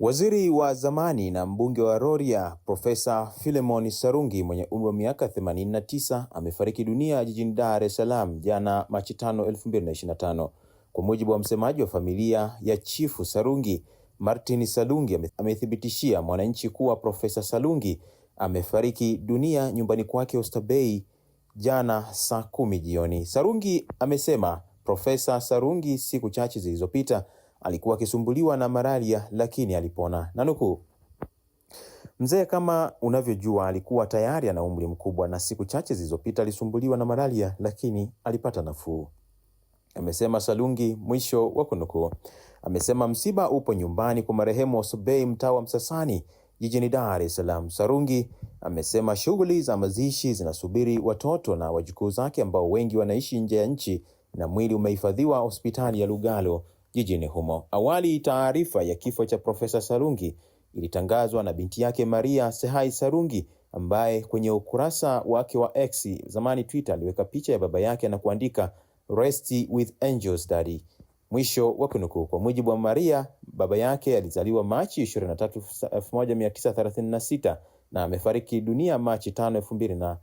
Waziri wa zamani na mbunge wa Rorya Profesa Philemon Sarungi mwenye umri wa miaka 89 amefariki dunia jijini Dar es Salaam jana Machi 5, 2025. Kwa mujibu wa msemaji wa familia ya Chifu Sarungi, Martin Salungi amethibitishia Mwananchi kuwa Profesa Salungi amefariki dunia nyumbani kwake Oysterbay jana saa kumi jioni. Sarungi amesema Profesa Sarungi siku chache zilizopita Alikuwa akisumbuliwa na malaria lakini alipona. Na nukuu, mzee kama unavyojua alikuwa tayari ana umri mkubwa, na siku chache zilizopita alisumbuliwa na malaria lakini alipata nafuu, amesema Salungi. Mwisho wa kunukuu. Amesema msiba upo nyumbani kwa marehemu Osbey, mtaa wa Msasani jijini Dar es Salaam. Sarungi amesema shughuli za mazishi zinasubiri watoto na wajukuu zake ambao wengi wanaishi nje ya nchi na mwili umehifadhiwa hospitali ya Lugalo jijini humo. Awali taarifa ya kifo cha Profesa Sarungi ilitangazwa na binti yake Maria Sehai Sarungi ambaye kwenye ukurasa wake wa X zamani Twitter aliweka picha ya baba yake na kuandika Rest with angels daddy. Mwisho wa kunukuu. Kwa mujibu wa Maria, baba yake alizaliwa Machi 23, 1936 na amefariki dunia Machi 5, 2000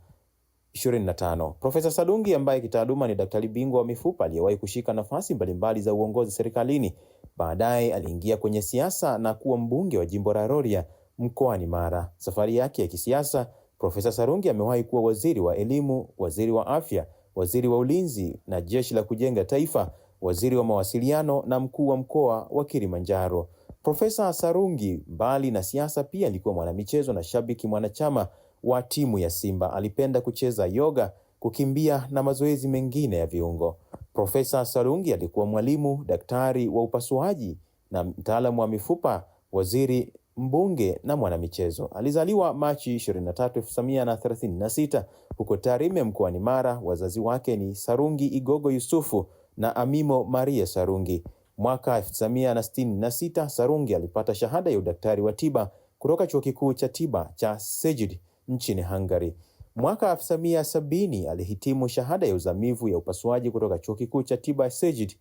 25. Profesa Sadungi ambaye kitaaluma ni daktari bingwa wa mifupa aliyewahi kushika nafasi mbalimbali za uongozi serikalini, baadaye aliingia kwenye siasa na kuwa mbunge wa jimbo la Rorya mkoani Mara. Safari yake ya kisiasa, Profesa Sarungi amewahi kuwa waziri wa elimu, waziri wa afya, waziri wa ulinzi na jeshi la kujenga taifa, waziri wa mawasiliano na mkuu wa mkoa wa Kilimanjaro. Profesa Sarungi, mbali na siasa, pia alikuwa mwanamichezo na shabiki mwanachama wa timu ya Simba. Alipenda kucheza yoga, kukimbia na mazoezi mengine ya viungo. Profesa Sarungi alikuwa mwalimu, daktari wa upasuaji na mtaalamu wa mifupa, waziri, mbunge na mwanamichezo. Alizaliwa Machi 23, 1936 huko Tarime mkoani Mara. Wazazi wake ni Sarungi Igogo Yusufu na Amimo Maria Sarungi. Mwaka 1966 Sarungi alipata shahada ya udaktari wa tiba kutoka chuo kikuu cha tiba cha Sejid nchini Hungary. Mwaka 1970 alihitimu shahada ya uzamivu ya upasuaji kutoka Chuo Kikuu cha Tiba Szeged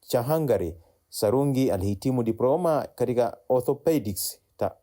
cha Hungary. Sarungi alihitimu diploma katika orthopedics ta,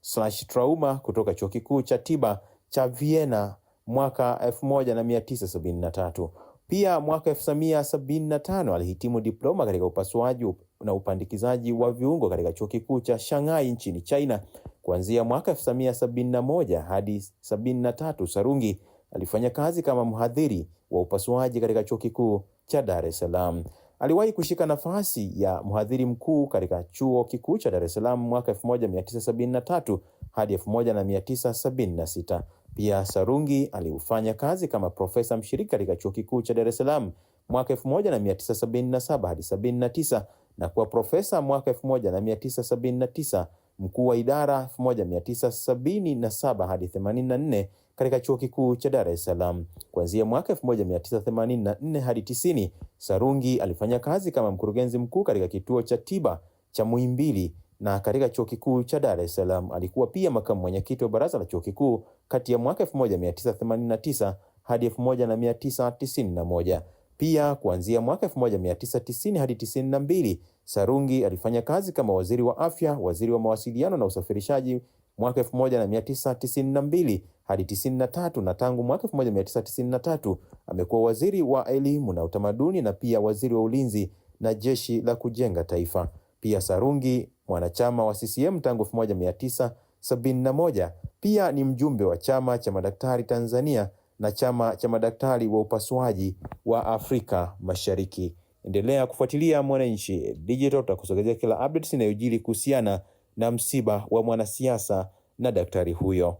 slash trauma kutoka Chuo Kikuu cha Tiba cha Vienna mwaka 1973. Pia mwaka 1975 alihitimu diploma katika upasuaji na upandikizaji wa viungo katika Chuo Kikuu cha Shanghai nchini China. Kuanzia mwaka 1971 hadi 73 Sarungi alifanya kazi kama mhadhiri wa upasuaji katika Chuo Kikuu cha Dar es Salaam. Aliwahi kushika nafasi ya mhadhiri mkuu katika Chuo Kikuu cha Dar es Salaam mwaka 1973 hadi 1976. Pia Sarungi alifanya kazi kama profesa mshiriki katika Chuo Kikuu cha Dar es Salaam mwaka 1977 hadi 79 na kuwa profesa mwaka 1979 mkuu wa idara 1977 hadi 84 katika chuo kikuu cha Dar es Salaam. Kuanzia mwaka 1984 hadi 90, Sarungi alifanya kazi kama mkurugenzi mkuu katika kituo cha tiba cha Muhimbili na katika chuo kikuu cha Dar es Salaam. Alikuwa pia makamu mwenyekiti wa baraza la chuo kikuu kati ya mwaka 1989 hadi 1991. Pia kuanzia mwaka 1990 hadi 92 Sarungi alifanya kazi kama waziri wa afya, waziri wa mawasiliano na usafirishaji mwaka 1992 hadi 93 na tangu mwaka 1993 amekuwa waziri wa elimu na utamaduni na pia waziri wa ulinzi na jeshi la kujenga taifa. Pia Sarungi mwanachama wa CCM tangu 1971. Pia ni mjumbe wa chama cha madaktari Tanzania na chama cha madaktari wa upasuaji wa Afrika Mashariki. Endelea kufuatilia Mwananchi Digital, tutakusogezea kila updates inayojiri kuhusiana na msiba wa mwanasiasa na daktari huyo.